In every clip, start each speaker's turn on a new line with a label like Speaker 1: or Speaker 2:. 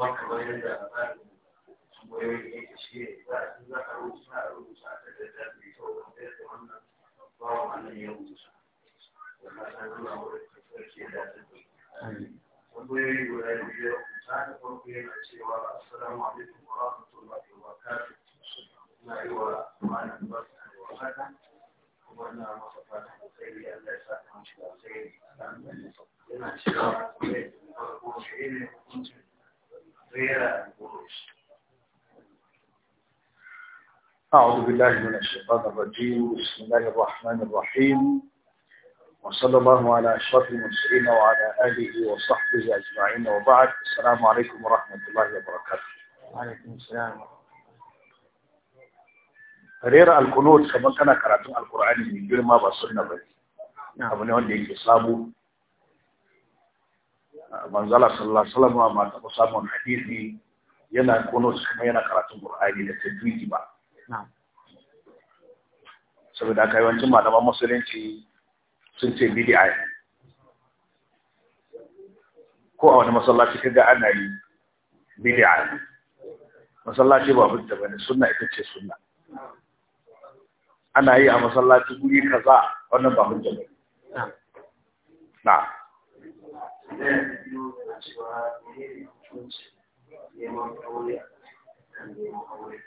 Speaker 1: kuma kamar yadda tsarin tambayoyin ke shi ne za a za a rubuta a rubuta a takarda mai kyau wanda ya wannan bawa wannan ya rubuta wanda ta nuna wurin sarki da ta tambayoyi guda biyu ta da farko yana cewa assalamu alaikum wa rahmatullahi wa barakatuh na yi wa malam da warhaka kuma na masa fatan alkhairi sai ya sa ta mashi da alkhairi yana cewa farko shi ne hukuncin
Speaker 2: أعوذ بالله من الشيطان الرجيم بسم الله الرحمن الرحيم وصلى الله على أشرف المرسلين وعلى آله وصحبه أجمعين وبعد السلام عليكم ورحمة الله وبركاته وعليكم السلام Rera alkunut kamar kana karatun alkur'ani mai girma ba sunna ba abu ne wanda manzala sallallahu alaihi wasallam ba taɓa samun hadisi yana kono kuma yana karatun Qur'ani da tajwidi ba saboda kai wancin malaman musulunci sun ce bid'a ko a wani masallaci kaga ana yi bid'a masallaci ba hujja bane sunna ita ce sunna ana yi a masallaci guri kaza wannan ba hujja ba
Speaker 1: na'am ina nuna cewa ne ne hukunci neman aure a kan neman aure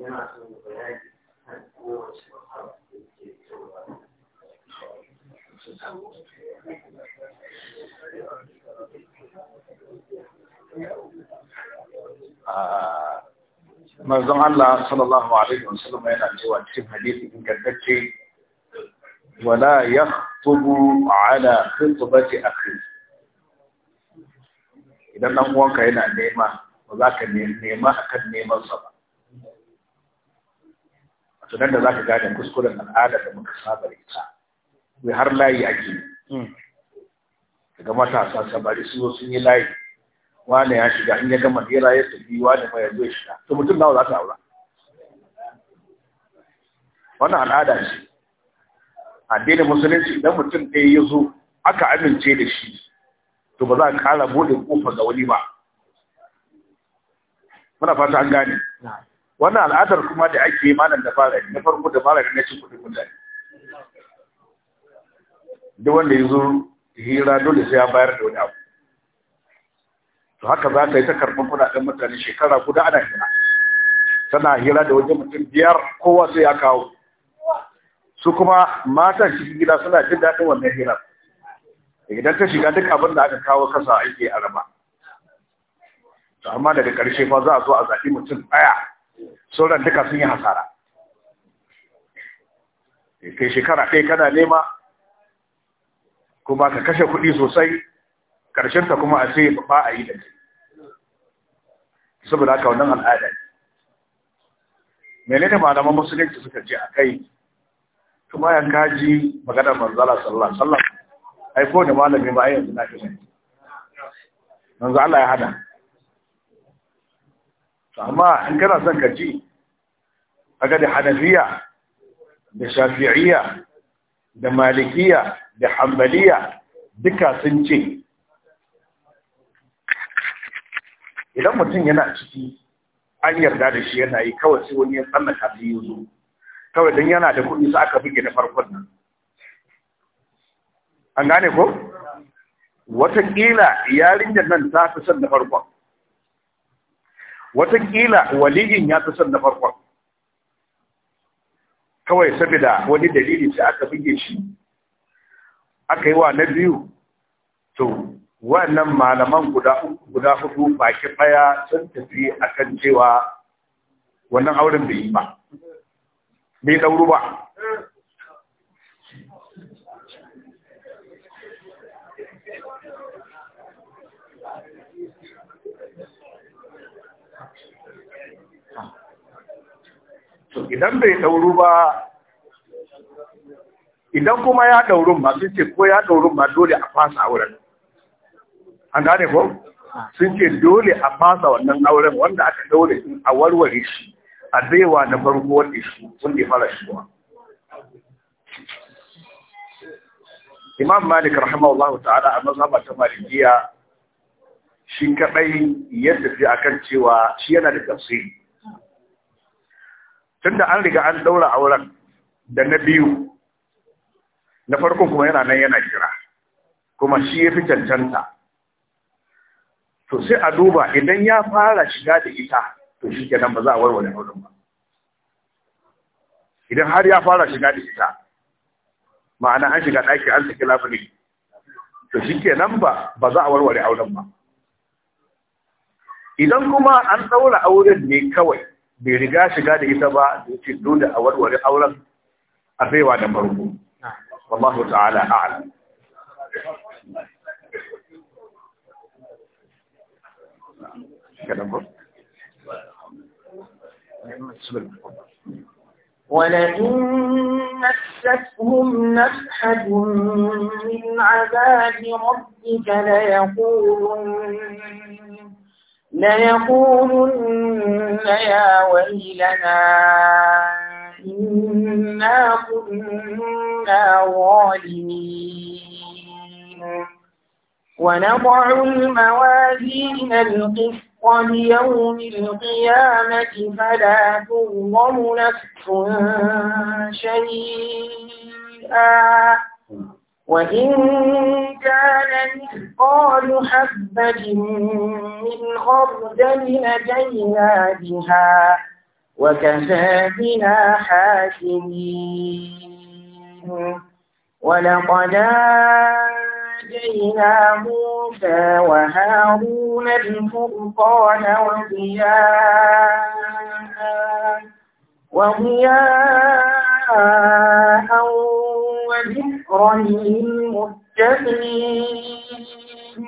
Speaker 1: yana son bayani kan kowace matsala da ke cewa manzon Allah
Speaker 2: sallallahu alaihi wasallam yana cewa cikin hadisi ingantacce wala yakhtubu ala khutbati akhihi idan dan uwanka yana nema ba za ka nema akan neman sa ba A tunan da za ka gane kuskuren al'ada da muka saba da ita wai har layi ake daga hmm. matasa sabari su sun yi layi wane ya shiga in ya gama hira ya tafi wane mai yanzu ya shiga to mutum nawa za ta aura wannan al'ada ce addinin musulunci idan mutum ɗaya ya zo aka amince da shi to ba za a kara bude kofa ga wani ba muna fata an gane wannan al'adar kuma da ake yi malam da fara na farko da fara ne cikin kuɗin mutane duk wanda ya zo hira dole sai ya bayar da wani abu to haka za ka yi ta karɓar kudaden mutane shekara guda ana hira tana hira da wajen mutum biyar kowa sai ya kawo su kuma matan cikin gida suna jin daɗin wannan hirar idan ta shiga duk abin da aka kawo kasa ake a raba amma daga ƙarshe fa za a zo a zaɓi mutum ɗaya sauran duka sun yi hasara kai shekara ɗaya kana nema kuma ka kashe kuɗi sosai ta kuma a ce ba a yi da saboda haka wannan al'ada ne menene malaman musulunci suka ce a kai kuma yan ji maganar manzala sallallahu alaihi wasallam ai ko da malami ba ai yanzu na fi yanzu Allah ya hada amma in kana son ka ji kaga da hanafiya da shafi'iyya da malikiya da hanbaliya duka sun ce idan mutum yana ciki an yarda da shi yana yi kawai sai wani ya tsallaka su zo kawai don yana da kuɗi su aka buge da farkon nan an gane ko watakila yarinyar nan ta fi son na farkon watakila waliyin ya fi son na farkon kawai saboda wani dalili sai aka buge shi aka yi wa na biyu to wannan malaman guda hudu baki daya sun tafi akan cewa wannan auren bai yi ba bai dauru ba to idan bai dauru ba idan kuma ya dauru ma sun ce ko ya dauru ma dole a fasa auren an gane ko sun ce dole a fasa wannan auren wanda aka sun a warware shi a zaiwa na farko wanda shi wanda ya fara shiwa imam malik rahimahullahu ta'ala a mazhaba ta malikiya shi kadai ya tafi akan cewa shi yana da tafsiri tunda an riga an daura auren da na biyu na farkon kuma yana nan yana kira kuma shi ya fi cancanta to sai a duba idan ya fara shiga da ita to shi kenan ba za a warware auren ba idan har ya fara shiga da ita ma'ana an shiga ɗaki an saki labule to shi kenan ba ba za a warware auren ba idan kuma an ɗaura auren ne kawai بيرجع شجاع إسبا تدون أول ولي أول أبي وأنا مرحوم والله تعالى أعلم
Speaker 1: كلام ولئن
Speaker 3: نفسهم نفحة من عذاب ربك ليقولن ليقولن يا ويلنا إنا كنا ظالمين ونضع الموازين القسط ليوم القيامة فلا تظلم نفس شيئا وإن كان مثقال حبة من خردل لدينا بها وكفى بنا حاكمين ولقد آتينا موسى وهارون الفرقان وضياء وضياء وذكرا للمتقين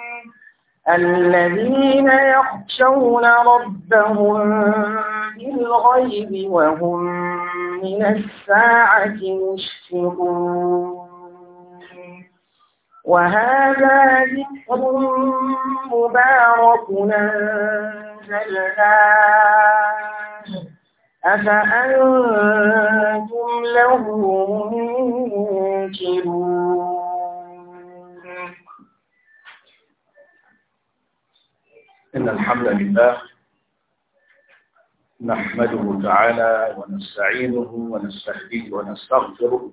Speaker 3: الذين يخشون ربهم بالغيب وهم من الساعة مشفقون وهذا ذكر مبارك أنزلناه أفأنتم له ينكرون
Speaker 2: إن الحمد لله نحمده تعالى ونستعينه ونستهديه ونستغفره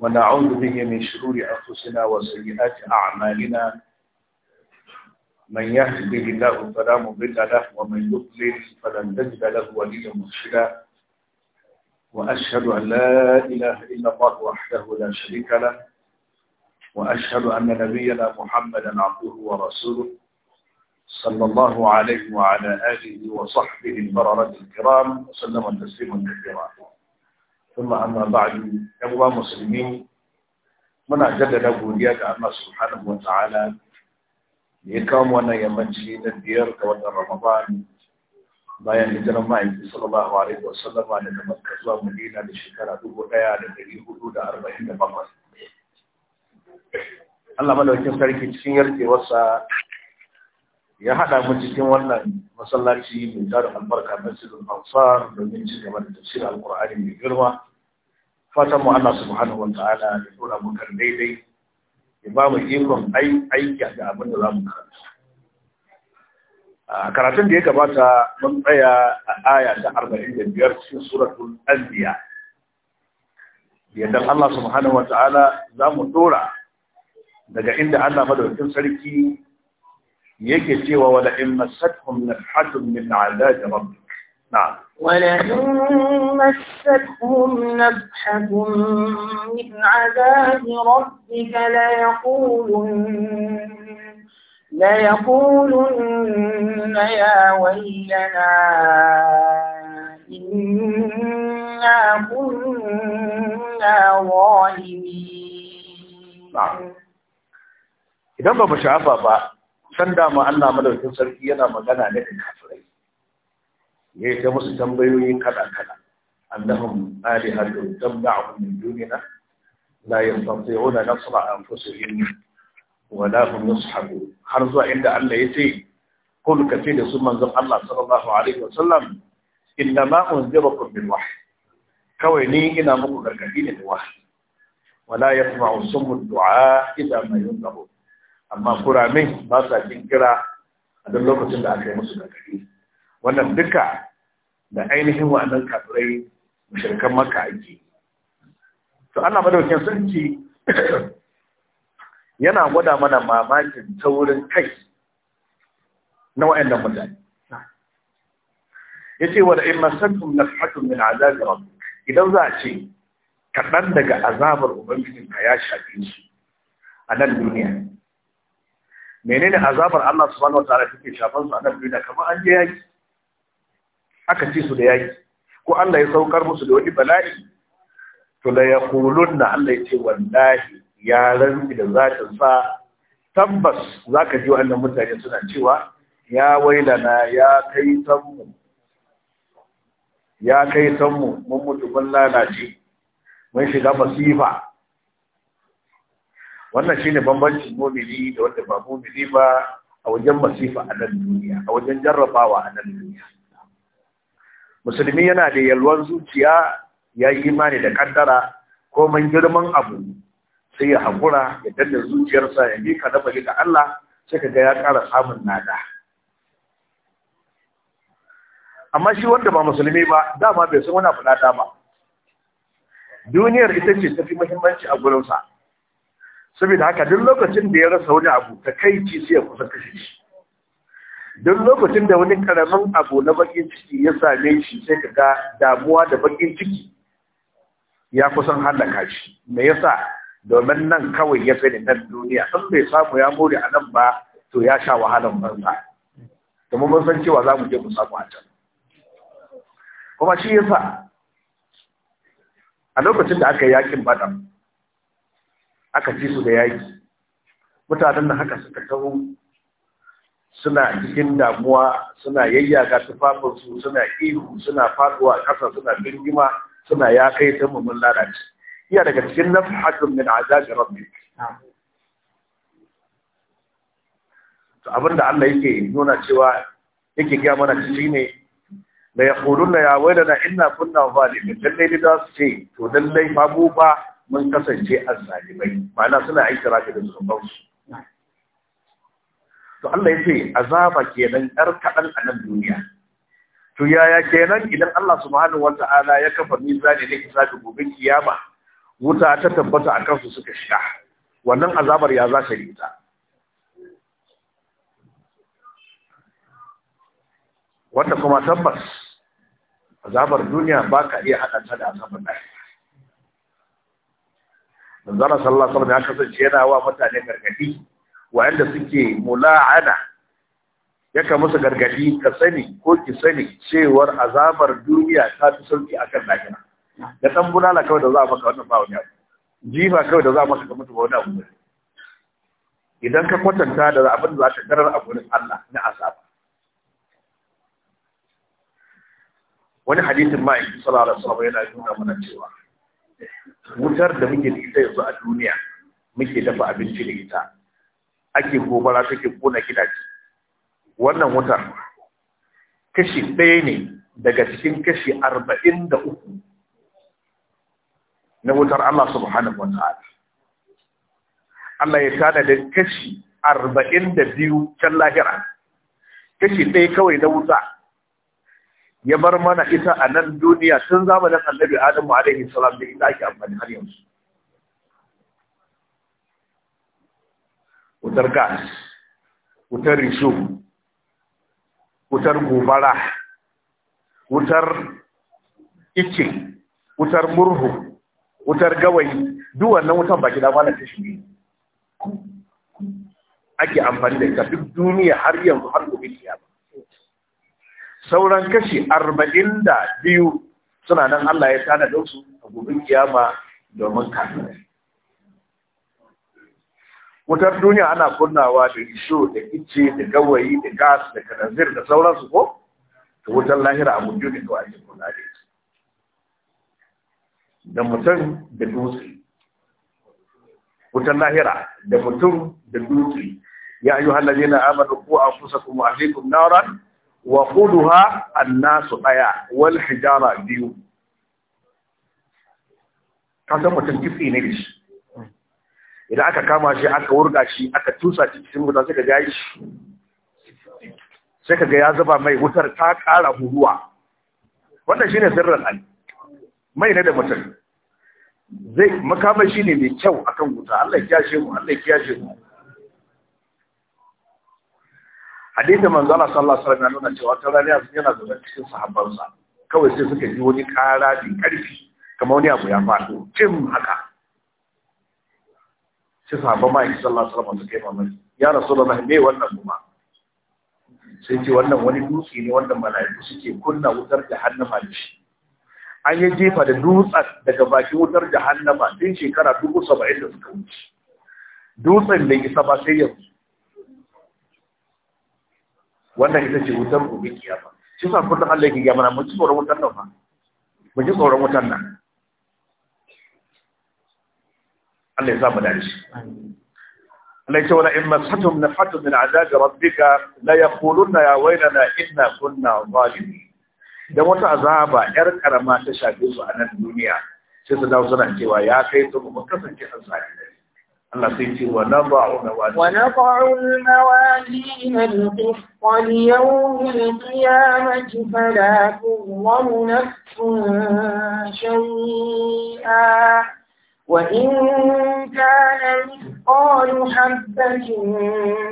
Speaker 2: ونعوذ به من شرور أنفسنا وسيئات أعمالنا من يهده الله فلا مضل له ومن يضلل فلن تجد له وليا مرشدا وأشهد أن لا إله إلا الله وحده لا شريك له وأشهد أن نبينا محمدا عبده ورسوله صلى الله عليه وعلى آله وصحبه البررة الكرام وسلم تسليما كثيرا ثم أما بعد أبوا مسلمين من أجدد أبو رياض الله سبحانه وتعالى يكام وانا يمنشي الديار كوات رمضان bayan hijiran ma'aiki sallallahu alaihi wa sallama daga makka zuwa madina da shekara dubu ɗaya da dari hudu da arba'in da bakwai Allah malaukin sarki cikin yarjewarsa ya haɗa mu cikin wannan masallaci mai tarin albarka na cikin ansar domin ci gaba da tafsir alkur'ani mai girma fatan mu Allah subhanahu wa ta'ala ya tura mu kan daidai ya ba mu ikon aiki da abin da za mu karanta karatun da ya gabata mun tsaya a aya ta 45 cikin suratul anbiya yadda Allah subhanahu wataala zamu dora daga inda Allah madaukakin sarki yake cewa wala in masathum nafhatun min adab rabbik نعم
Speaker 1: ولئن
Speaker 3: مستهم نفحة من عذاب ربك ليقولن ليقولن يا ويلنا إنا كنا ظالمين
Speaker 2: idan ba mu shafa ba san dama Allah madaukin sarki yana magana ne da kafirai yayi ta musu tambayoyi kala kala annahum alihatun tabba'u min dunina la yastati'una nasra anfusihim wala hum yushabu har zuwa inda Allah ya ce kul ka ce da su manzon Allah sallallahu alaihi wasallam inna ma unzirukum bil wahyi kawai ni ina muku gargadi ne da wahyi wala yasma'u summu du'a idza ma yunzaru amma kuramin ba sa jin kira a duk lokacin da aka yi musu gargadi wannan duka da ainihin wa'annan kafirai mushrikan makka ake to Allah madaukakin sarki yana gwada mana mamakin taurin kai na wa'annan mutane Ya yace wa in na fatun min azabi rabbik idan za a ce kaɗan daga azabar ubangijin ka ya shafi su a nan duniya menene azabar Allah Su wata rafi ke shafan su a nan duniya kamar an je yaki aka ci su da yaki ko Allah ya saukar musu da wani bala'i to kulun na Allah ya ce wallahi ya rantsi da zatin sa tabbas ka ji wannan mutane suna cewa ya wailana ya kai sanmu ya kai sanmu mun mutu mun lalace mun shiga masifa wannan shine bambancin mumini da wanda ba mumini ba a wajen masifa a nan duniya a wajen jarrabawa a nan duniya musulmi yana da yalwan zuciya ya yi imani da kaddara ko man girman abu sai ya hakura ya danna zuciyarsa ya mika bali ga Allah sai ka ga ya ƙara samun nada amma shi wanda ba musulmi ba dama bai san wani abu na dama duniyar ita ce ta fi muhimmanci a gurinsa saboda haka duk lokacin da ya rasa wani abu ta kai ci sai ya kusa kashe shi duk lokacin da wani karamin abu na bakin ciki ya same shi sai ka ga damuwa da bakin ciki ya kusan halaka shi me yasa domin nan kawai ya sani nan duniya in bai samu ya more a nan ba to ya sha wahalan banza domin mun san cewa za mu je mu samu a can kuma shi yasa a lokacin da aka yi yakin badam aka ci su da yaki mutanen da haka suka taho suna cikin damuwa suna yayyaga tufafinsu suna ihu suna faduwa ƙasa suna birgima suna ya kai ta mummun lalace Jiya daga cikin nafhatun min azabi rabbik to abinda Allah yake nuna cewa yake gaya mana shi ne la yaquluna ya waylana inna kunna zalimin lalle da su ce to lalle fa ba mun kasance azzalimai ma'ana suna aikirafi da zunuban su to Allah yace azaba kenan yar kadan a nan duniya to yaya kenan idan Allah subhanahu wata'ala ya kafa mizani ne da gobe kiyama wuta ta tabbata a kansu suka shiga wannan azabar ya za ta yi ta wata kuma tabbas azabar duniya ba ka iya haɗanta da azabar ɗaya manzana Sallah alaihi ya kasance yana wa mutane gargadi wa'anda suke mula'ana ka musu gargadi ka sani ko ki sani cewar azabar duniya ta fi sauki akan lahira da ɗan bulala kawai da za a maka wannan ba wani abu jifa kawai da za a maka ga mutu ba wani abu idan ka kwatanta da abin da za ka karar a gurin Allah na asaba wani hadisin ma yake sallallahu alaihi wasallam yana nuna mana cewa wutar da muke da ita yanzu a duniya muke dafa abinci da ita ake gobara take kona gidaje wannan wutar kashi ɗaya ne daga cikin kashi arba'in da uku na wutar Allah subhanahu wa ta'ala Allah ya tada da kashi arba'in da biyu can lahira kashi ɗaya kawai na wuta ya bar mana ita a nan duniya tun zamanin annabi adamu alaihi salam da ita ake amfani har yanzu wutar gas wutar risho wutar gobara wutar ice wutar murhu wutar gawayi duk wannan wutan ki da malam ta shi ake amfani da ita duk duniya har yanzu har gobe kiyama sauran kashi arba'in da biyu suna nan Allah ya tana da su a gobe kiyama domin kafirai wutar duniya ana kunnawa da isho da ice da gawayi da gas da kanazir da sauransu ko to wutar lahira a mutu ne kawai ake kunna da da mutum da dutse wutan lahira da mutum da dutse ya ayu hallaje na amadu ko a kusa kuma a hekun naran wa kuduha an nasu ɗaya wal hijara biyu kasan mutum kifi ne da shi idan aka kama shi aka wurga shi aka tusa cikin mutum sai ka ga shi sai ka ga ya zuba mai wutar ta ƙara huruwa wannan shine sirrin ali mai na da mutum zai shi ne mai kyau akan wuta Allah ya ce mu Allah ya ce mu hadisi manzo sallallahu alaihi wasallam yana cewa ta rana yana zuwa cikin sahabbansa kawai sai suka ji wani kara da karfi kamar wani abu ya faɗo cin haka sai sahabban mai sallallahu alaihi wasallam suka yi mamaki ya rasulullah me wannan kuma sai ce wannan wani dutse ne wanda mala'iku suke kunna wutar jahannama da shi an yi jefa da dutsen daga bakin wutar jahannama din shekara dubu saba'in da suka wuce dutsen da isa ba sai yanzu wannan ita ce wutar gobe kiyama shi sa kullum Allah ya gaya mana mu ji tsoron wutar nan fa mu ji tsoron wutar nan Allah ya sa mu dace Allah ya ce wala in masatum nafatun min azabi rabbika la yaquluna ya waylana inna kunna zalimin da wata azaba yar karama ta shafe su a nan duniya sai su dawo suna cewa ya kai su kuma kasance an sani Allah sai ce wa na wani. wa
Speaker 3: naba'u al-mawazin al-qist li-yawm al-qiyamati fala tuzlamu nafsun shay'a وإن كان مثقال حبة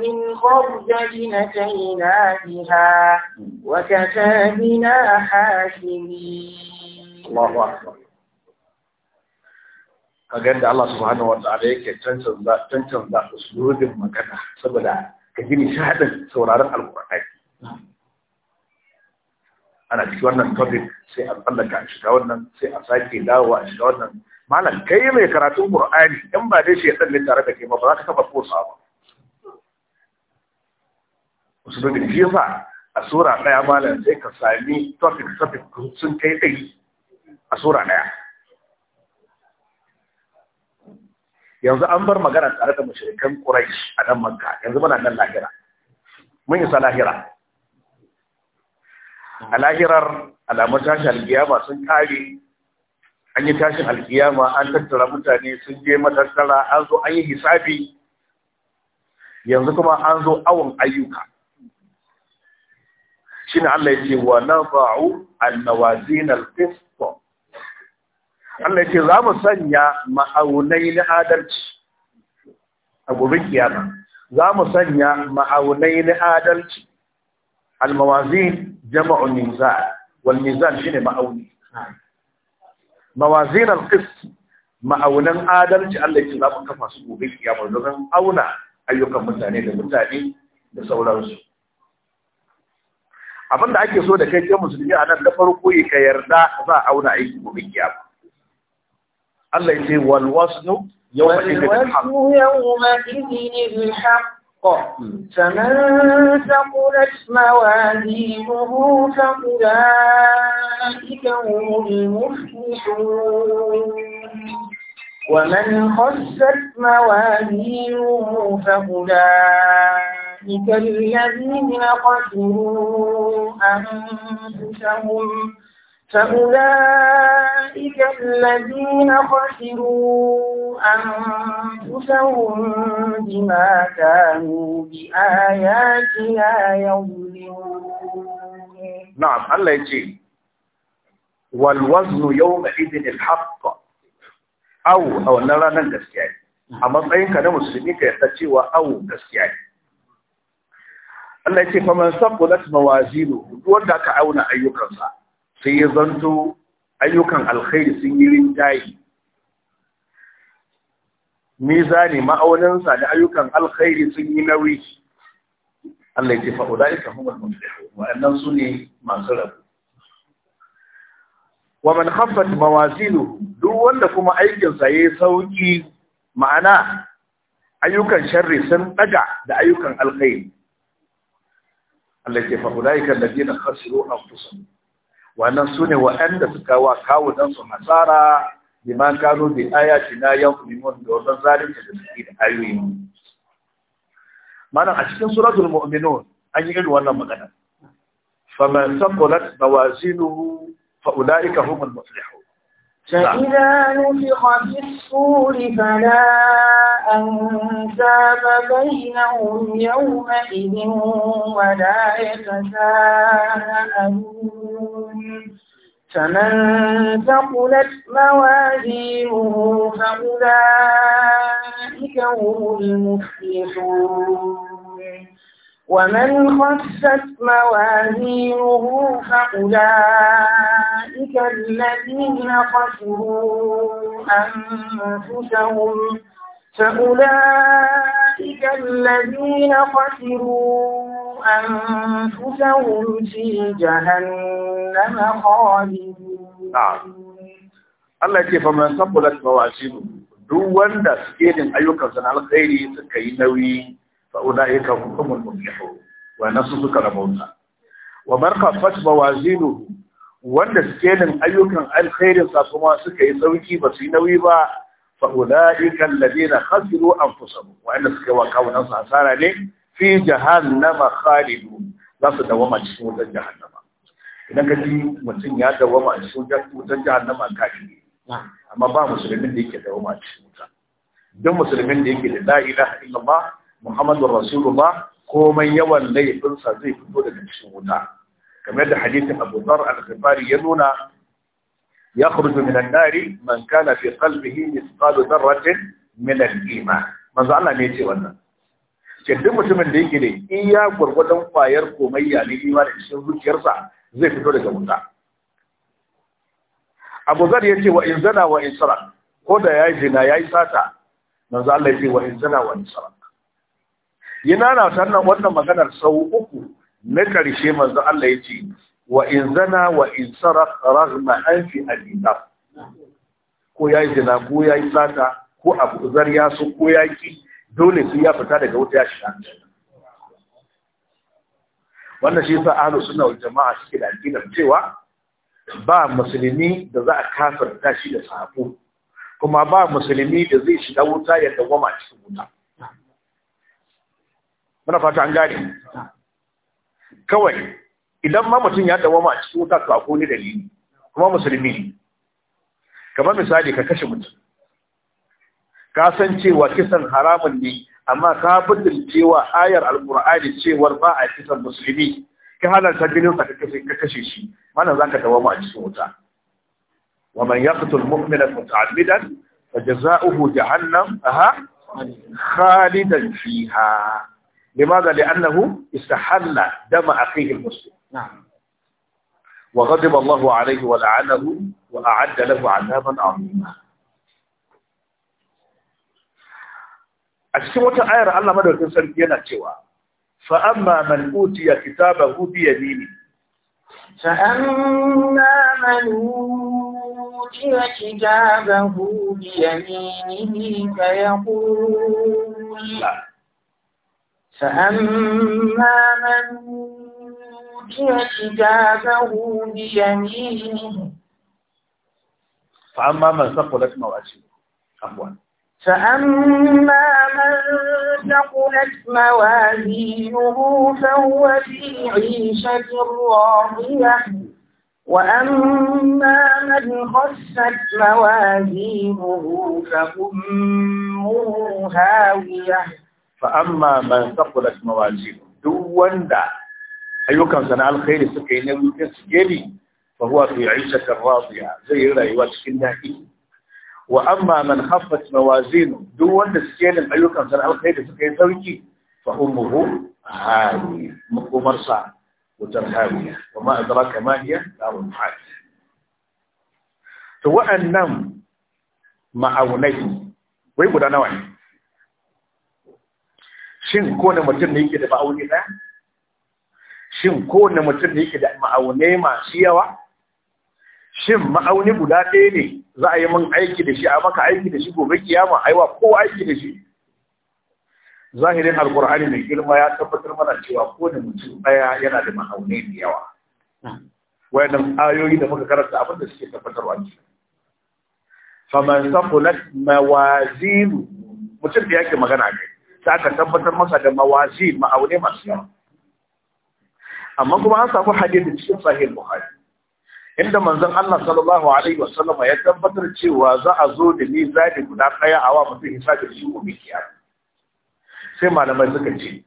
Speaker 3: من خردل أتينا بها وكفى بنا حاسبين
Speaker 2: الله أكبر kagan Allah subhanahu wa ta'ala yake cancanza cancanza usulubin magana saboda ka ji nishadin sauraron alqur'ani ana cikin wannan topic sai a tsallaka a shiga wannan sai a sake dawowa a shiga wannan malam kai mai karatun qur'ani in ba dai shedan ne tare da kai ba ba za ka taba kosa ba su da shi fa a sura daya malam sai ka sami topic topic sun kai dai a sura daya yanzu an bar magana tare da mushrikan quraish a nan makka yanzu muna nan lahira mun isa lahira a lahirar alamun tashar giyama sun kare an yi tashin alkiyama an tattara mutane sun je matattara an zo an yi hisabi yanzu kuma an zo awon ayyuka shi ne Allah ya ce wa na ba'u annawazin alfisto Allah ya ce za mu sanya ma'aunai na adalci a gobin kiyama za mu sanya ma'aunai na adalci almawazin jama'un nizar wal nizar ne ma'auni mawazin alqist ma'aunan adalci Allah yake zaba kafa su gobe kiyama don auna ayyukan mutane da mutane da sauransu abin da ake so da kai ke musulmi a nan da farko yi ka yarda za a auna aiki gobe kiyama Allah ya wal wasnu yawma idin
Speaker 3: فمن ثقلت موازينه فأولئك هم المفلحون ومن خست موازينه فأولئك الذين خسروا أنفسهم فأولئك الذين خسروا أنفسهم بما كانوا بآياتنا يظلمون
Speaker 2: نعم الله يجي والوزن يومئذ الحق أو أو نرى gaskiya a matsayinka na musulmi ka yarda cewa au gaskiya ne Allah ya ce fa man duk wanda aka auna ayyukansa sai ya zanto ayyukan alkhairi sun yi rinjaye mizani ma'auninsa da ayyukan alkhairi sun yi nauyi Allah ya ce fa ulaika humul muflihun wa'annan su ne masu rabu wa man khaffat mawazinuhu duk wanda kuma aikinsa ya yi sauƙi ma'ana ayyukan sharri sun ɗaga da ayyukan alkhairi Allah ya ce fa ulaika alladhina khasiru anfusahum wannan su ne waɗanda suka wa kawo dan su hasara liman kanu bi ayatina yaqlimun da wannan zalunci da suke da ayoyi mana a cikin suratul muminu an yi irin wannan magana man saqulat mawazinuhu fa ulaika humul muflihun نعم.
Speaker 3: فإذا نفخ في الصور فلا أنساب بينهم يومئذ ولا يتساءلون فمن ثقلت موازينه فأولئك هم المفلحون ومن خفت موازينه فأولئك كالذين الذين خسروا أنفسهم فأولئك الذين خسروا أنفسهم في جهنم خالدون
Speaker 2: Allah ke fa man sabbulat mawasinu duk wanda suke din ayyukan sana alkhairi suka yi nauyi fa ulaika humul muflihun wa nasu suka rabauta wa barqa fat mawazinu wanda suke sikelin ayyukan alkhairin sa kuma suka yi sauki ba su yi nauyi ba fa ulaika alladhina khasiru anfusahum wa inna suka wa kawunan su asara ne fi jahannama khalidun za su dawama cikin wutar jahannama idan ka ji mutum ya dawama a cikin wutar jahannama kafi amma ba musulmin da yake dawama a cikin wuta don musulmin da yake da la ilaha illallah muhammadur rasulullah komai yawan laifinsa zai fito daga cikin wuta kamar da hadisin Abu Dhar al-Ghifari ya nuna Ya يخرج من man kana fi qalbihi قلبه مثقال min al-iman manzo Allah ne ce wannan ce duk mutumin da yake da iya gurgudan fayar komayya ne imani cikin zuciyarsa zai fito daga wuta Abu Zar ya ce wa in zana wa in sarak ko da yayi zina yayi sata manzo Allah ya ce wa in zana wa in sarak yana na wannan maganar sau uku na ƙarshe manzo Allah ya ce wa in zana wa in sarak ragma an fi ko ya yi zina ko ya yi sata ko abu zar ya ko ya ki dole sai ya fita daga wuta ya shiga wannan shi sa ahlu sunna wal jama'a suke da aqidar cewa ba musulmi da za a kafirta shi da sabo kuma ba musulmi da zai shiga wuta ya dawama cikin wuta muna fata an gane kawai idan ma mutum ya dawama a cikin wuta to akwai dalili kuma musulmi ne kamar misali ka kashe mutum ka san cewa kisan haramun ne amma ka bidin cewa ayar alqur'ani cewar ba a kisan musulmi ka halarta ginin sa ka kashe shi mana zaka dawama a cikin wuta wa man yaqtul mu'mina muta'ammidan fajaza'uhu jahannam aha khalidan fiha لماذا؟ لأنه استحل دم أخيه المسلم نعم وغضب الله عليه ولعنه وأعد له عذابا عظيما أجسي وطا آية رأى الله مدر كنسان ينا تيوى فأما من أوتي كتابه بيمينه
Speaker 3: فأما من أوتي كتابه بيمينه فيقول فأما من أوتي كتابه بيمينه
Speaker 2: فأما من ثقلت موازينه عفوا
Speaker 3: فأما من ثقلت موازينه فهو في عيشة راضية وأما من خست موازينه فأمه هاوية
Speaker 2: fa amma man saqulat mawazinu duk wanda ayyukansa na alkhairi suka yi nauyi ta sigeli fa huwa fi 'ishatin radiya zai yi rayuwa cikin daɗi wa amma man haffat mawazinu duk wanda sigelin ayyukansa na alkhairi suka yi sauki fa ummuhu
Speaker 1: hawi
Speaker 2: makomarsa wutar hawiya wa ma adraka ma hiya darul hawiya to wa'annan ma'aunai wai guda nawa ne shin kowane mutum ne yake da ma'auni ɗaya shin kowane mutum ne yake da ma'aune masu yawa shin ma'auni guda ɗaya ne za a yi min aiki da shi a maka aiki da shi gobe kiyama aiwa ko aiki da shi zahirin alkur'ani mai girma ya tabbatar mana cewa kowane mutum ɗaya yana da ma'aune da yawa wayannan ayoyi da muka karanta abin da suke tabbatarwa ne faman saqulat Mawazinu mutum da yake magana kai za ka tabbatar masa da mawazi ma'aune masu yawa amma kuma an samu hadisi cikin sahih bukhari inda manzon Allah sallallahu alaihi wasallam ya tabbatar cewa za a zo da ni mizani guda daya a wa mutum hisabi shi gobe sai malamai suka ce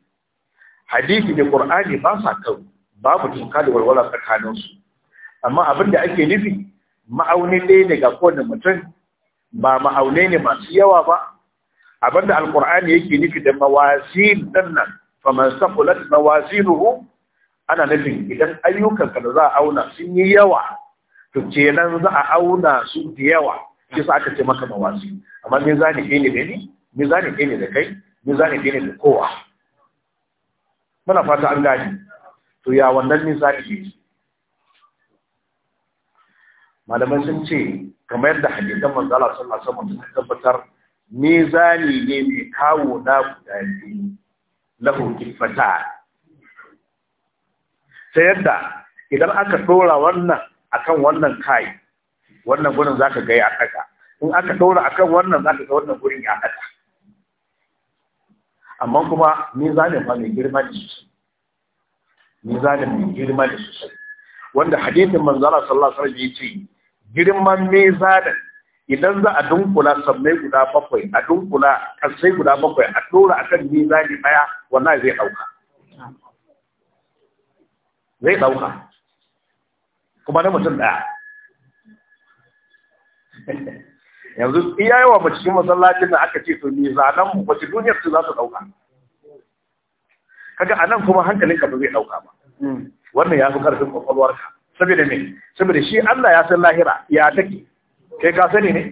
Speaker 2: hadisi da qur'ani ba sa kawo babu tunka da walwala tsakanin su amma abin da ake nufi ma'aune ɗaya daga kowane mutum ba ma'aune ne masu yawa ba abinda alqur'ani yake nufi da mawazin din nan man saqulat mawazinuhu ana nufin idan ayyukan ka da za a auna sun yi yawa to kenan za a auna su da yawa shi sa aka ce maka mawazi. amma me zani ne da ni me zani ne da kai me zani ne da kowa muna fata an gani to ya wannan misali yake malamai sun ce kamar yadda hadisan manzala sallallahu alaihi wasallam suka tabbatar mizani ne mai kawo na guda biyu na lahu fata. ta yadda idan aka ɗora wannan akan wannan kai wannan gurin ka ga ya ɗaga in aka ɗora akan wannan za ka ga wannan gurin ya ɗaga amma kuma mizanin ba mai girma ne mizanin mai girma ne shi. wanda hadithin manzara sallallahu alaihi wasallam ce, girman mizanin idan za a dunkula sammai guda bakwai a dunkula kansai guda bakwai a dora akan mizani daya wannan zai dauka zai dauka kuma na mutum daya yanzu iya yawa ba cikin masallacin da aka ce to mizanan mu wace duniyar su za su dauka kaga anan kuma ka ba zai dauka ba hmm. wannan ya fi karfin kwakwalwarka saboda me saboda shi Allah ya san lahira ya take kai ka sani ne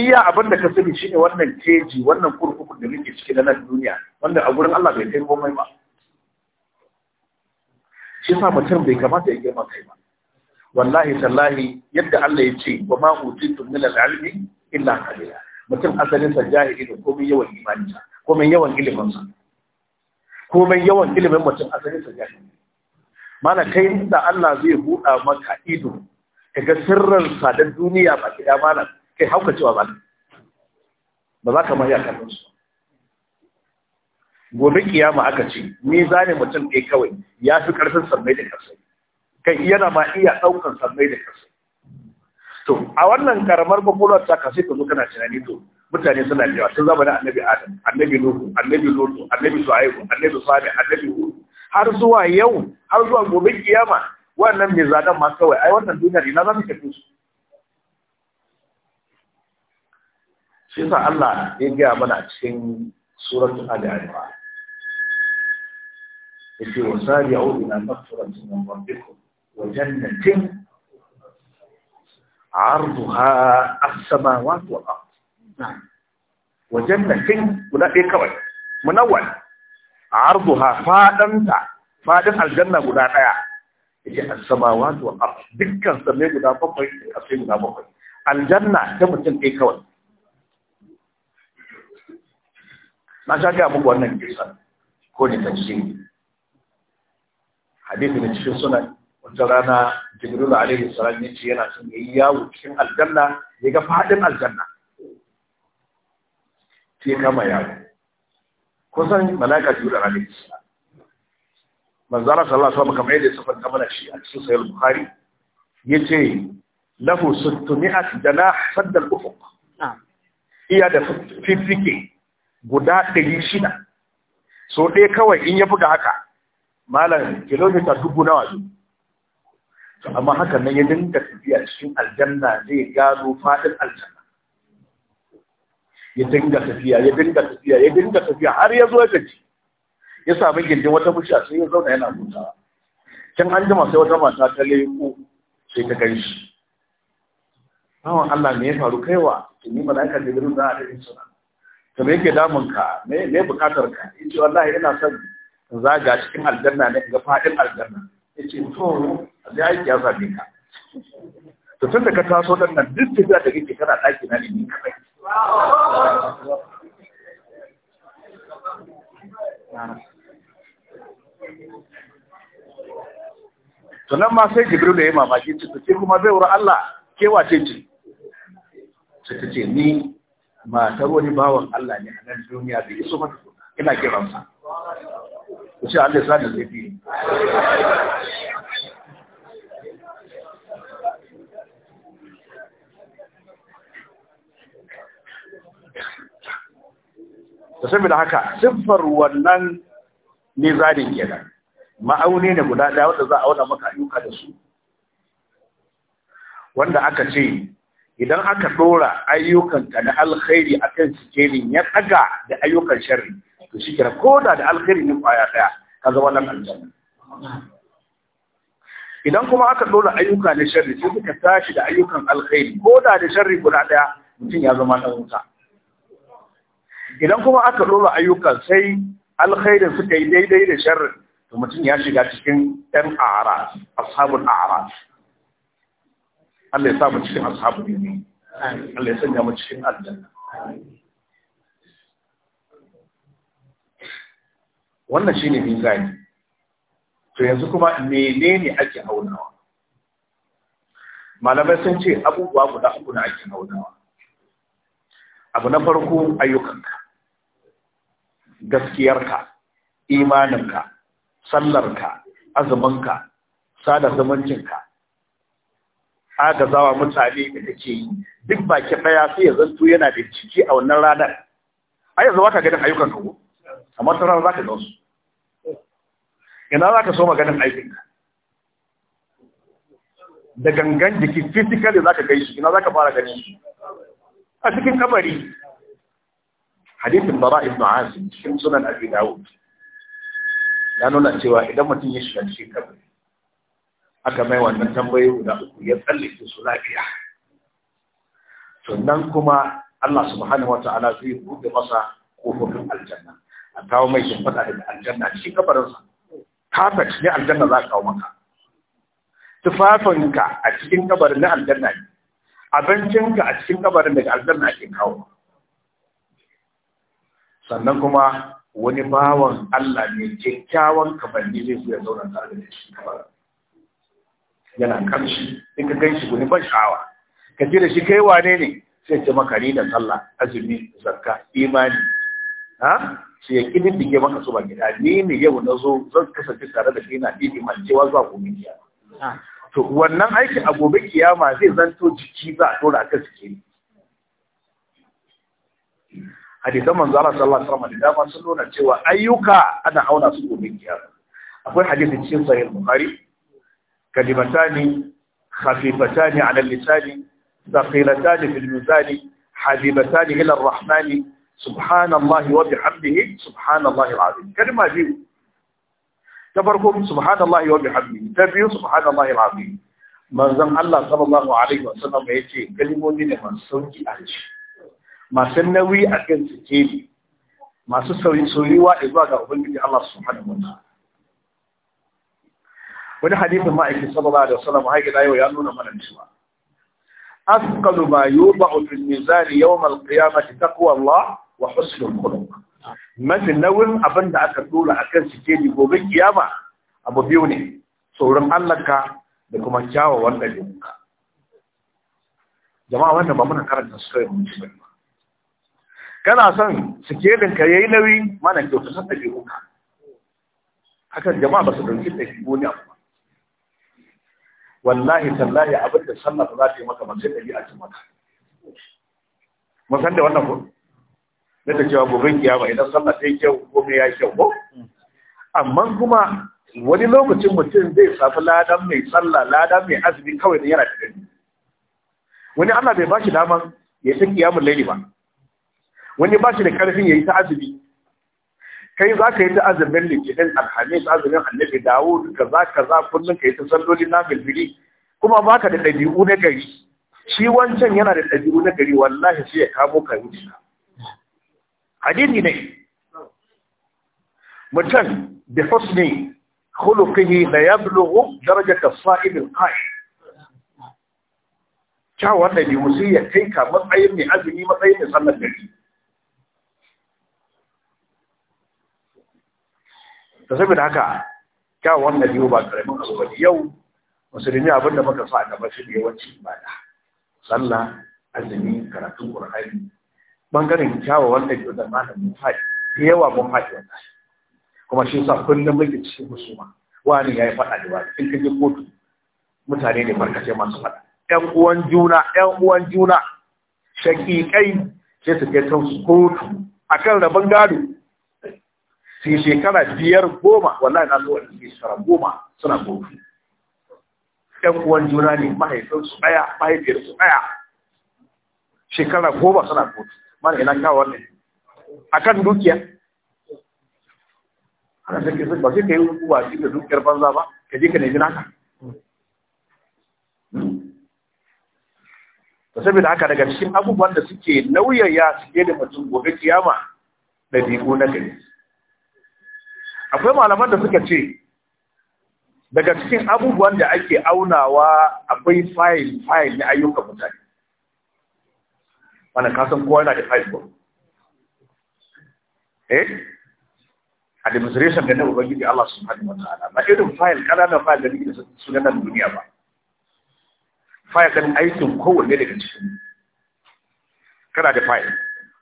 Speaker 2: iya abin da ka sani shine wannan keji wannan kurkukun da muke ciki na nan duniya wanda a gurin Allah bai kai komai ba shi sa mutum bai kamata ya girma kai ba wallahi tallahi yadda Allah ya ce wa ma utitum min al-ilmi illa qalila mutum asalin sa jahili ne komai yawan imani komai yawan ilimin sa komai yawan ilimin mutum asalin sa jahili mana kai da Allah zai buɗa maka ido kaga sirrin sadan duniya ba ki malam, kai hauka cewa ba ba za ka mai akan su gobe kiyama aka ce ni zane mutum kai kawai ya fi karfin sammai da kasai kai yana ma iya ɗaukar sammai da kasai to a wannan karamar kwakwalwar ta kasai ka zo kana tunani to mutane suna da yawa tun zamanin annabi adam annabi nuhu annabi lutu annabi shu'aibu annabi salih annabi hud har zuwa yau har zuwa gobe kiyama wannan mai zaɗan masu kawai ai wannan duniyar ina za mu tafi su shi sa Allah ya gaya mana cikin suratul ali anwa yake wa sabiu ila maqsuratin Wajen da wa jannatin arduha as-samawati wal
Speaker 3: ard
Speaker 2: wa jannatin guda ɗaya kawai munawwal arduha
Speaker 3: faɗanta
Speaker 2: faɗin aljanna guda ɗaya yake as-samawati wal dukkan sannan guda bakwai da kasai guda bakwai aljanna ta mutum kai kawai na sha ga muku wannan kisa ko ne tafsiri hadithu ne cikin sunan wata rana da alaihi salam ya ce yana son yayi yawo cikin aljanna ya ga fadin aljanna sai kama yawo kusan malaka jibril alaihi salam Allah sallallahu alaihi wasallam kamar yadda safar ta shi a cikin sahih bukhari yace lahu 600 janah sadda al-ufuq iya da fifike guda 600 so dai kawai in ya buga haka malam kilomita dubu nawa ne amma haka nan ya dinga tafiya cikin aljanna zai gano fadin aljanna ya dinga tafiya ya dinga tafiya ya dinga tafiya har ya zo ya gaji ya sami gindin wata bishiya sai ya zauna yana hutawa can an jima sai wata mata ta leko sai ta gan shi awon Allah me ya faru kaiwa tuni malaika da gurin za a da suna to me yake damun ka me me bukatar ka yace wallahi ina son zaga cikin aljanna ne ga fadin aljanna yace to sai ai ya zabe ka to tun da ka taso dan nan duk tafiya da kake kana daki na ne kai Wow. to nan ma sai jibril ya yi mamaki ce ce kuma zai wuri Allah ke wace ce ce ta ce ni matar wani bawan Allah ne a nan duniya bai iso mata ina kiransa
Speaker 1: ku ce Allah sa ni zai
Speaker 2: fi da haka siffar wannan mizanin yana ma'auni ne guda ɗaya wanda za a wada maka ayyuka da su wanda aka ce idan aka ɗora ayyukanka na alkhairi a kan sikelin ya ɗaga da ayyukan sharri to shi kira ko da da alkhairi ne kwaya ɗaya ka zama nan aljanna idan kuma aka ɗora ayyuka na sharri sai suka tashi da ayyukan alkhairi ko da da sharri guda ɗaya mutum ya zama ɗan wuta idan kuma aka ɗora ayyukan sai alkhairin suka yi daidai da sharrin to mutum ya shiga cikin ɗan ara, ashabun ara Allah ya sa mu cikin ashabun yamin Allah ya sanya mu cikin aljanna wannan shine mizani to yanzu kuma menene ake aunawa malamai sun ce abubuwa guda uku da ake aunawa abu na farko ayyukanka gaskiyarka imaninka sallarka azumanka, sada zumuncinka zawa mutane da kake yi duk baki daya sai ya zanto yana da ciki a wannan ranar ai yanzu baka ganin ayyukan ka ko amma ta ranar zaka ga su ina zaka so maganin aikin ka da gangan jiki physically zaka gaisu ina zaka fara ganin shi a cikin kabari حديث البراء بن عازم cikin sunan ابي dawud ya nuna cewa idan mutum ya shiga cikin kabari aka mai wannan tambayi guda uku ya tsallake su lafiya sannan kuma Allah subhanahu wa ta'ala zai buɗe masa kofofin aljanna a kawo mai shi fada daga aljanna cikin sa kafet ne aljanna za a kawo maka tufafinka a cikin kabarin na aljanna ne abincinka a cikin kabarin daga aljanna ke kawo maka sannan kuma wani bawan Allah ne kyakkyawan kafanni zai ya zauna tare da shi kamar yana kamshi in ka gan shi guni ban sha'awa ka ji da shi kai wane ne sai ce maka ni da sallah azumi zakka imani ha sai ya kididdige maka su ba gida ni ne yau na zo zan kasance tare da kai na man cewa zuwa gobe kiyama ah. to wannan aiki a gobe kiyama zai zanto jiki za a dora ka suke hadisan manzo Allah sallallahu alaihi wasallam da dama sun nuna cewa ayyuka ana auna su gobe kiyama akwai hadisi cikin sahih bukhari kalimatani khafifatani ala lisani thaqilatani fil mizani habibatani ila arrahmani subhanallahi wa bihamdihi subhanallahi alazim kalma biyu ta farko subhanallahi wa bihamdihi ta biyu subhanallahi alazim manzon Allah sallallahu alaihi wasallam yace kalmomi ne masu sauki a cikin masu nauyi a kan sikeli masu sauriwa zuwa ga ubangiji Allah subhanahu wa ta'ala wani hadisin ma'aikin sallallahu da wasallam haƙi da yau ya nuna mana cewa asqalu ma yuba'u fil mizan yawm al qiyamati taqwa Allah wa husnul khuluq mafi nauyin abinda da aka dora akan sikeli gobe kiyama abu biyu ne tsoron Allah ka da kuma kyawawan ɗabi'unka jama'a wannan ba muna karanta su kai mun ci ba kana son sikelin ka yayi nauyi mana kyauta san da ka hakan jama'a ba su dauki da wani abu wallahi tallahi abin da sallah ba za ta yi maka ba sai a ci maka mun san da wannan ko ne ta cewa gobe ba idan sallah ta yi kyau ko me ya kyau ko amma kuma wani lokacin mutum zai safi ladan mai sallah ladan mai azumi kawai da yana da wani Allah bai ba shi daman ya ta kiyamun laili ba wani ba shi da karfin ya yi ta azumi kai za ka yi ta azumin litinin alhamis azumin annabi za ka kaza kullum ka yi ta sandoli na bilbili kuma ba ka da ɗabi'u na gari shi wancan yana da ɗabi'u na gari wallahi sai ya kamo ka wuce hadisi ne mutum da husni da la yablughu darajata as-sa'ib al-qa'im Kyawawan ɗabi'u sai ya kai ka matsayin mai azumi matsayin mai sallar gari da saboda haka wannan biyu ba karamin abu ba yau musulmi abin da muka sa a gaba shi yawanci da sallah azumi karatun qur'ani bangaren kyawawan biyu da malam mun da yawa mun wannan kuma shi sa kullum muke cikin musuma wani yayi faɗa da wani in kaje kotu mutane ne farkace masu faɗa ƴan uwan juna ƴan uwan juna shaƙiƙai sai su ke ta kotu akan rabin gado sai shekara biyar goma wallahi na zuwa da shekara goma suna gobe. ɗan uwan juna ne mahaifinsu ɗaya mahaifiyarsu ɗaya shekara goma suna gobe, mana ina kawo ne a kan dukiya ana sake zuba sai ka yi rubuwa shi da dukiyar banza ba ka je ka nemi naka to saboda haka daga cikin abubuwan da suke nauyaya su da mutum gobe kiyama da biyu na gari akwai malaman da suka ce daga cikin abubuwan da ake aunawa akwai fayil fayil na ayyukan mutane wanda kasan kowa yana da fayil ba eh administration da na gidi Allah subhanahu wa ta'ala ba irin fayil ƙananan fayil da nake da su duniya ba fayil kan aikin kowanne daga cikin kana da fayil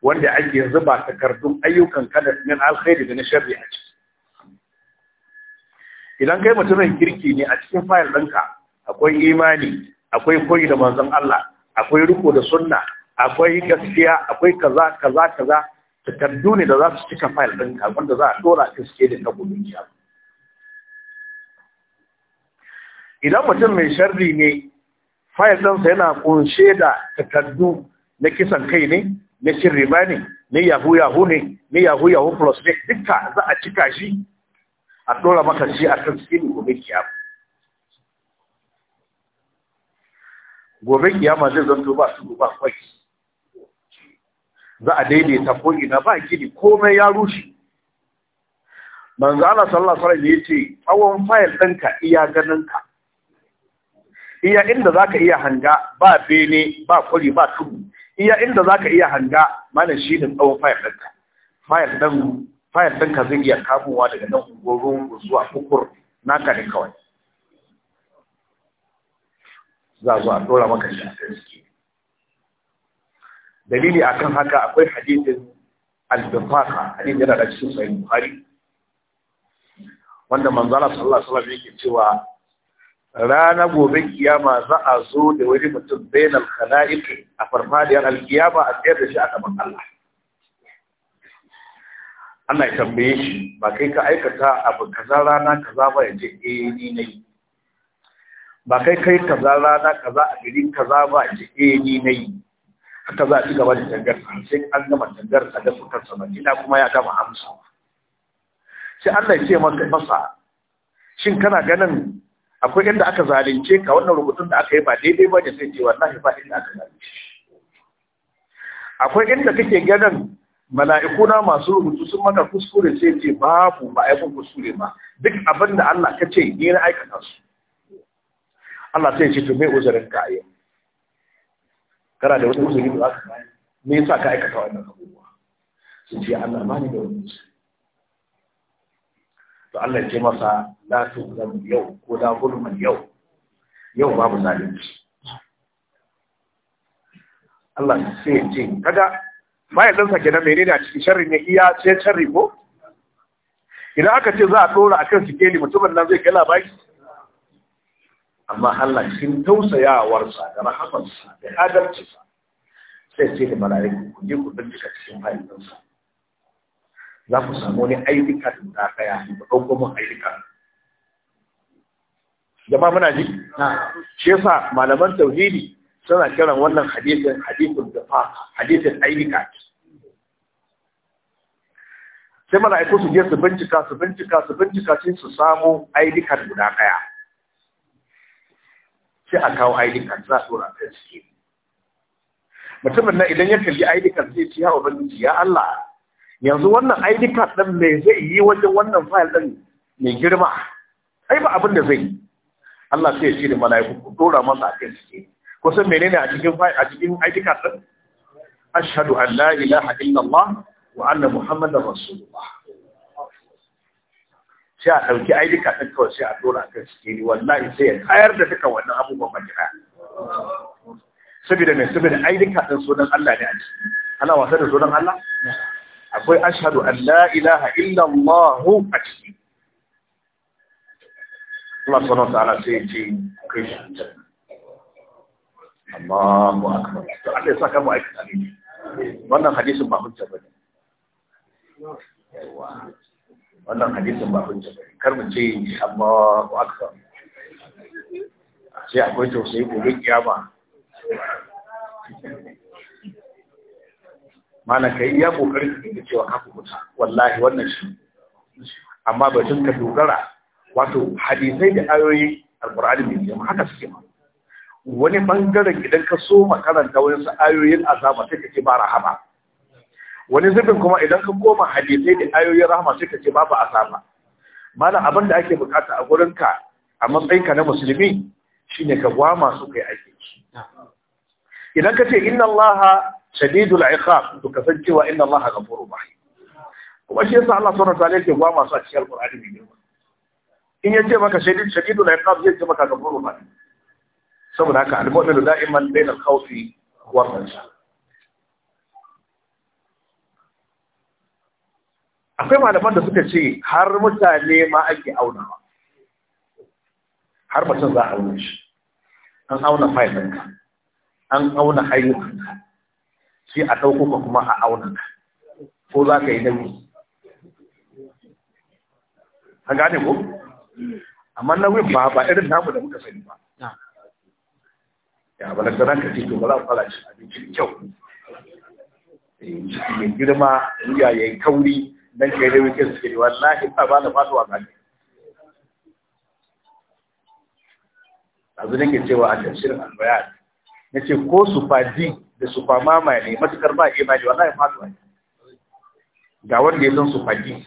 Speaker 2: wanda ake zuba takardun ayyukan kada min alkhairi da na sharri a ciki idan kai mutumin kirki ne a cikin fayil ɗinka akwai imani akwai koyi da manzon Allah akwai riko da sunna akwai gaskiya akwai kaza kaza kaza takardu ne da za su cika fayil ɗinka wanda za a dora ka suke da na idan mutum mai sharri ne fayil ɗinsa yana kunshe da takardu na kisan kai ne na cin ba ne na yahu yahu ne na yahu yahu plus ne dukka za a cika shi a ɗora maka shi a kan sini gobe kiyama gobe kiyama zai zanto ba su ba kwai za a daidaita ko ina ba gini komai ya rushe manzo Allah sallallahu alaihi wasallam yace tsawon fayil ɗinka iya ganinka iya inda zaka iya hanga ba bene ba kuri ba tudu iya inda zaka iya hanga mana shi da tsawon fayil ɗinka fayil ɗin fayar ɗinka zai iya kamowa daga nan gurin zuwa kukur naka ne kawai za zuwa dora maka
Speaker 1: shi a gaske
Speaker 2: dalili akan haka akwai hadithin al-bifaqa hadisi yana da cikin sayin buhari wanda manzana sallallahu alaihi wasallam yake cewa rana gobe kiyama za a zo da wani mutum bainal khala'iq a farfadiyar al-kiyama a tsayar da shi a gaban Allah Ana tambaye shi ba kai ka aikata abu kaza rana kaza ba ya ce eh ni ne ba kai kai kaza rana kaza a gari kaza ba ya ce eh ni ne haka za a ci gaba da tangar sai an gama tangar a da fitar sama ina kuma ya gama amsa sai Allah ya ce maka masa shin kana ganin akwai inda aka zalunce ka wannan rubutun da aka yi ba daidai ba da sai ce wallahi ba inda aka zalunce akwai inda kake ganin mala'ikuna masu rubutu sun maka kuskure sai ce babu ba yi kuskure ba duk abin da Allah ka ce ni na aikata su Allah sai ce to me uzurin ka ayi kana da wata uzuri da aka me yasa ka aikata wannan abubuwa sun ce Allah ma ni da wani to Allah ya ce masa la tuzlam yau ko da zulman yau yau babu zalunci Allah sai ya ce kaga ma'aikinsa kenan menene a cikin sharri ne iya ce sharri ko idan aka ce za a ɗora a kan sikeli mutumin nan zai kai labari amma Allah cikin tausayawarsa da rahamarsa da adalci sai ce da mala'iku ku je ku bincika cikin haifinsa za ku samu wani ayyuka da ta kaya da ɗaukomin ayyuka jama muna ji shi yasa malaman tauhidi suna kiran wannan hadisin hadisin da fa hadisin ainihat sai aiko su je su bincika su bincika su bincika sai su samu ainihat guda daya sai a kawo ainihat za su dora kan su mutumin nan idan ya kalli ainihat zai ce ya ubangiji ya Allah yanzu wannan ainihat din me zai yi wajen wannan fayil din mai girma ai ba abin da zai yi Allah sai ya ce da mala'iku ku dora masa a kan su kusan menene a cikin a cikin ID card din ashhadu an la ilaha illallah wa anna muhammadar rasulullah sai a ɗauki ID card din kawai sai a dora kan sikeli wallahi sai ya kayar da duka wannan abubuwan bakira saboda mai saboda ID card din sunan Allah ne a ciki ana wasa da sunan Allah akwai ashhadu an la ilaha illallah a ciki Allah subhanahu wa ta'ala sai ya ce kai shi Allahu akbar to Allah ya saka mu aikin alheri wannan hadisin ba hujja bane yawa wannan hadisin ba hujja bane kar mu ce Allahu akbar
Speaker 1: sai akwai tausayi gobe
Speaker 2: kiyama mana kai yi ya kokarin da cewa ka kubuta wallahi wannan shi amma batun ka dogara wato hadisai da ayoyi alqur'ani ne haka suke ma wani bangaren idan ka so makaranta wani su ayoyin azaba sai ka ce ba rahama wani zubin kuma idan ka koma hadisai da ayoyin rahama sai ka ce babu azaba malam abin da ake bukata a gurin ka a matsayin ka na musulmi shine ka gwa masu kai aiki idan ka ce inna allaha shadidul iqab to ka san cewa inna allaha ghafurur rahim kuma shi yasa Allah subhanahu wa ta'ala yake gwa masu a cikin alqur'ani ne in yace maka shadidul iqab zai ce maka ghafurur rahim saboda haka al-mu'minu da'iman bainal khawfi war raja akwai malaman da suka ce har mutane ma ake aunawa har mutum za a auna shi an auna faifanka an auna ayyukanka sai a ɗauko ka kuma a auna ka ko za ka yi nauyi an gane ko amma nauyin ba ba irin namu da muka sani ba ya bala da ka ce to ba za ku fara cin abinci da kyau ciki eh, ya girma wuya ya yi kauri dan kai da wikin suke wallahi ba ba na fatuwa ka ne azu nake cewa a tafsirin albayan ce ko su fadi da su mai ne matukar ba imani wallahi fatuwa ne ga wanda ya san su fadi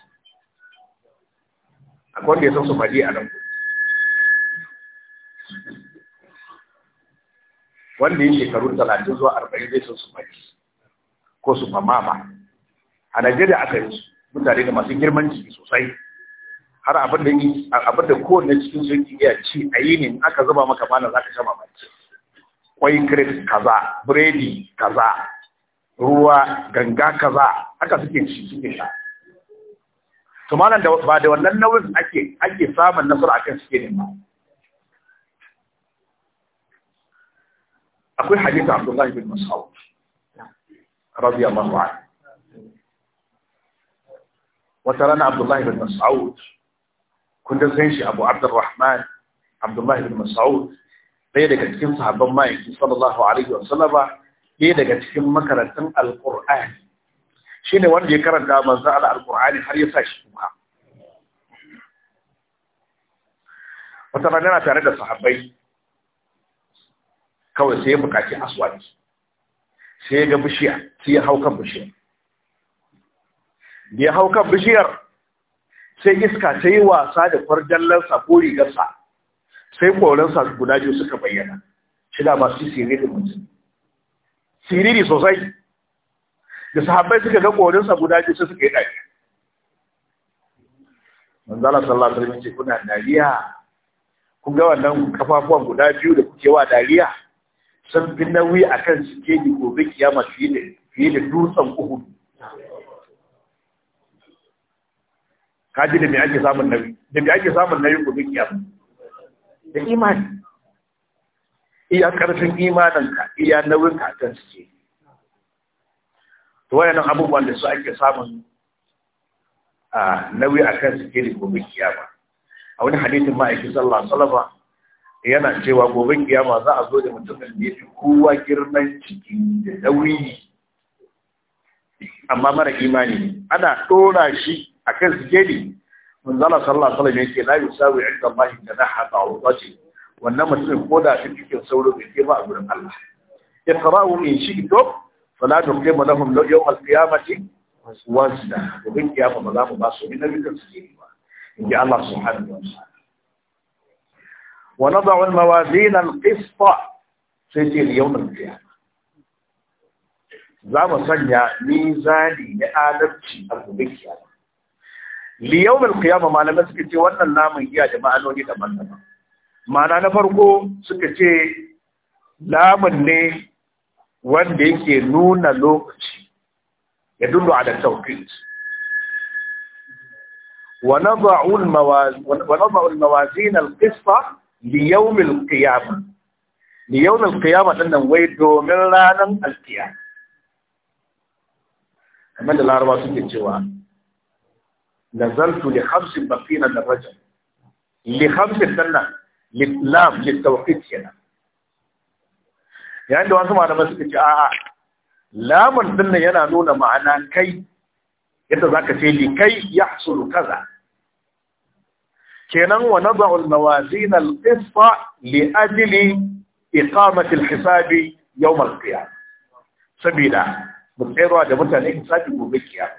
Speaker 2: akwai wanda ya san su fadi a nan wanda ya shekaru talatin zuwa arba'in zai so su baki ko su famama a najeriya aka yi su mutane da masu girman jiki sosai har abin da yi kowanne cikin su yake iya ci a yi ne aka zuba maka mana za ka sha mamaki kwai kret kaza biredi kaza ruwa ganga kaza haka suke ci suke sha to malam da ba da wannan nauyin ake samun nasara akan suke ne أقول حديث عبد الله بن مسعود رضي الله عنه وترانا عبد الله بن مسعود كنت زينشي أبو عبد الرحمن عبد الله بن مسعود ليه دقة كم صحابة ما صلى الله عليه وسلم ليه دقة كم مكرة القرآن شيني وان يكرن دام زعل القرآن هل يساش بها وترانا تعرض صحابين kawai sai ya bukaci aswaki sai ya ga bishiya sai ya hau kan bishiyar ya hau kan bishiyar sai iska ta yi wasa da kwarjallarsa ko rigarsa sai koransa guda biyu suka bayyana shi da masu siriri mutum siriri sosai da sahabbai suka ga korinsa guda biyu sai suka yi ɗari manzala sallallahu alaihi wasallam ce kuna dariya kun ga wannan kafafuwan guda biyu da kuke wa dariya sun fi nauyi a kan su ke ni gobe kiyama fiye da dutsen uku. kaji da me ake samun nauyi da me ake samun nauyi gobe kiyama da imani iya karfin imaninka iya nauyin ka kan su ke to wayannan abubuwan da su ake samun nauyi a kan su ke ni gobe kiyama a wani hadisin ma'aikin sallallahu alaihi yana cewa gobe kiyama za a zo da mutumin da yafi kowa girman ciki da nauyi amma mara imani ne ana dora shi akan sigeli manzala sallallahu alaihi wasallam yake la yusawi inda Allah janaha ba'udati wannan mutumin ko da shi cikin sauro bai ke ba a gurin Allah iqra'u in shi'tum fala na lahum yawm al-qiyamati wazna gobe kiyama ba za mu ba su ni nabi kan sigeli ba in ji Allah subhanahu wa ta'ala wa nad'u al-mawazin sai ce yawm al za mu sanya mizani na adalci a gobe kiyama li yawm al-qiyamah malamai suka ce wannan namun iya da ma'anoni daban-daban ma'ana na farko suka ce ne wanda yake nuna lokaci ya dullu ala tawqit ونضع الموازين القسط liyaumil qiyama liyaumil qiyama din nan wai domin ranar alkiya kamar da larabawa suke cewa nazaltu li khamsi baqina min rajab li khamsi sanna li lam li tawqit kenan yayin da wasu malamai suka ce a'a lamun din yana nuna ma'ana kai yadda zaka ce li kai yahsulu kaza kenan wa nada'u al-mawazin al-qisṭa li ajli iqamati al-hisabi yawm al-qiyam sabida mu da mutane hisabi gobe kiyama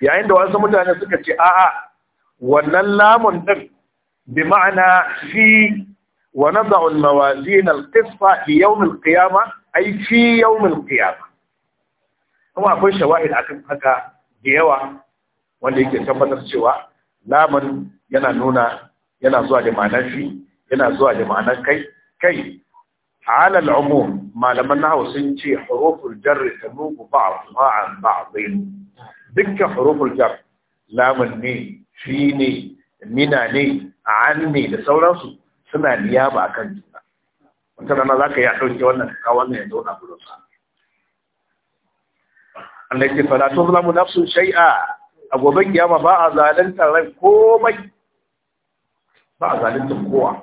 Speaker 2: yayin da wasu mutane suka ce a'a wannan lamun din bi ma'ana fi wa nada'u al-mawazin al-qisṭa li yawm al qiyam ay fi yawm al qiyam kuma akwai shawahid akan haka da yawa wanda yake tabbatar cewa lamun yana nuna yana zuwa da ma'anar fi yana zuwa da ma'anar kai kai alal umum malaman nahwu sun ce huruful jar tanubu ba'dha an ba'dhin dukkan huruful jar lamun ne fi ne mina ne an ne da sauransu suna niyaba kan juna wata rana za ka yi a ɗauke wannan ka wannan ya zauna gurin Allah ya ce fala tuzlamu nafsun shay'a a gobe kiyama ba a zalunta rai komai ba a zalunta kowa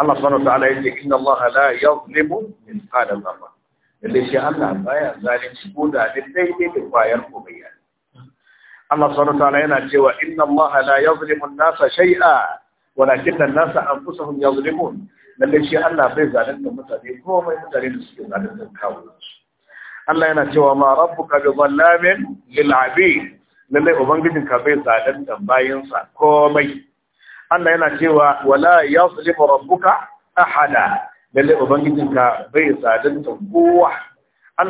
Speaker 2: Allah subhanahu wa ta'ala yake inna Allah la yuzlimu mithqala dharra inda shi Allah baya zalunci ko da daidai da kwayar komai Allah subhanahu wa ta'ala yana cewa inna Allah la yuzlimu an-nasa shay'a walakin an-nasa anfusuhum yuzlimun lalle shi Allah bai zalunta mutane komai mutane da suke zalunta kawo Allah yana cewa ma rabbuka bi dhallamin lil 'abid lallai ubangijin ka bai zaɗan bayansa komai Allah yana cewa wala yaslimu rabbuka ahada lallai ubangijin ka bai zaɗan dan Allah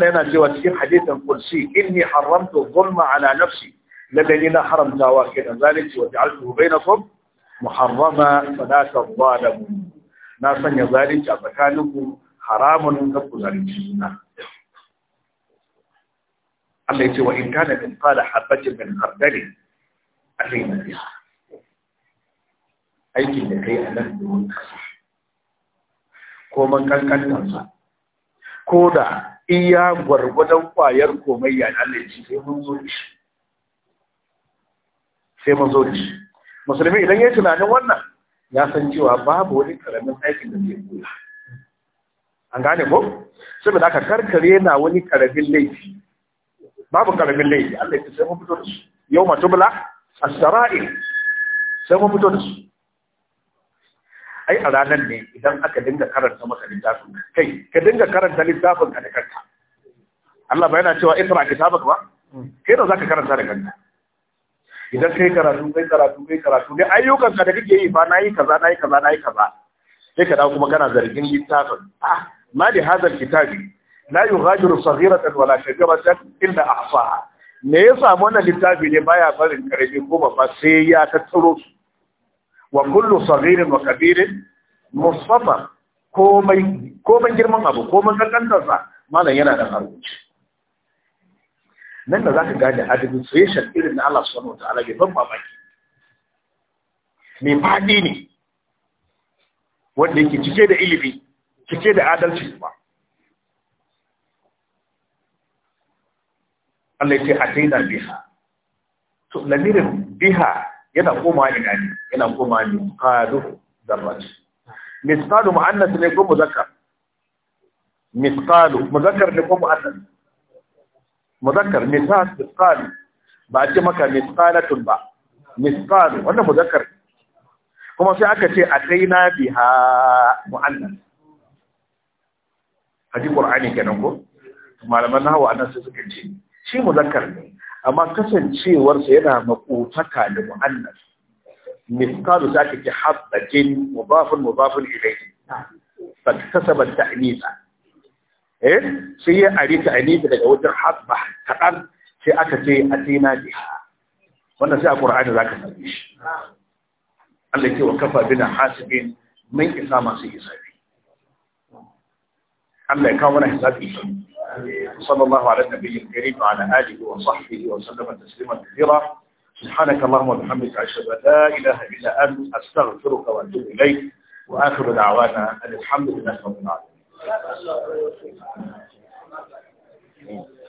Speaker 2: yana cewa cikin hadisin kursi inni haramtu zulma ala nafsi lallai na haramta wa kenan zalunci wa ja'altuhu bainakum muharrama fala tadhalamu na sanya zalici a tsakaninku haramun ka ku
Speaker 1: zalunci Allah ya ce wa in
Speaker 2: kana min fala habbatin min khardalin alayna biha aikin da kai a nan domin kasa ko man kankantarsa ko da iya gwargwadon kwayar komai ya Allah ya ce sai mun zo shi sai mun zo shi musulmi idan ya tunanin wannan ya san cewa babu wani karamin aikin da zai koya, an gane ko saboda aka karkare na wani karamin laifi babu karamin laifi Allah ya sai mun fito da su yau bula as-sara'ir sai mun fito da su ai a ranar ne idan aka dinga karanta maka littafin kai ka dinga karanta littafin ka da kanka Allah ba yana cewa ikra kitabaka ba kai da zaka karanta da kanka idan kai karatu kai karatu kai karatu ne ayyukan ka da kake yi ba nayi kaza nayi kaza nayi kaza sai ka dawo kuma kana zargin littafin ah ma da hadha kitabi la yughadiru saghiratan wala kabiratan illa ahsaha me ya samu wannan littafi ne baya barin karbi Ko ba sai ya tattaro su wa kullu saghirin wa kabirin musaffa komai komai girman abu komai kankantar sa malam yana da haruci nan da zaka gane administration irin na Allah subhanahu wataala bai ban mamaki mai fadi ne wanda yake cike da ilimi cike da adalci ba Allah ya ce ataina biha to lamirin biha yana koma ina ne yana koma ne da darrat misqalu ma'annasu ne ko muzakar. misqalu muzakar ne ko muannas Muzakar, misal misqalu ba a ce maka misqalatun ba misqalu wannan muzakar kuma sai aka ce a ataina biha muannas hadith qur'ani kenan ko malaman nahwa annasu suka ce shi muzakar. ne amma kasancewarsa yana makotaka da mu'annas misalu za ka ki habbatin mudafin mudafin ilayhi fa kasaba ta'nisa eh sai ya ari ta'nisa daga wajen haɗa kadan sai aka ce atina biha wannan sai a za zaka sani shi Allah ya wa kafa bina hasibin mai isa masu hisabi Allah يكون kawo صلى الله على النبي الكريم وعلى آله وصحبه وسلم تسليما كثيرا سبحانك اللهم وبحمدك أشهد أن لا إله إلا أنت أستغفرك وأتوب إليك وآخر دعوانا أن الحمد لله رب
Speaker 1: العالمين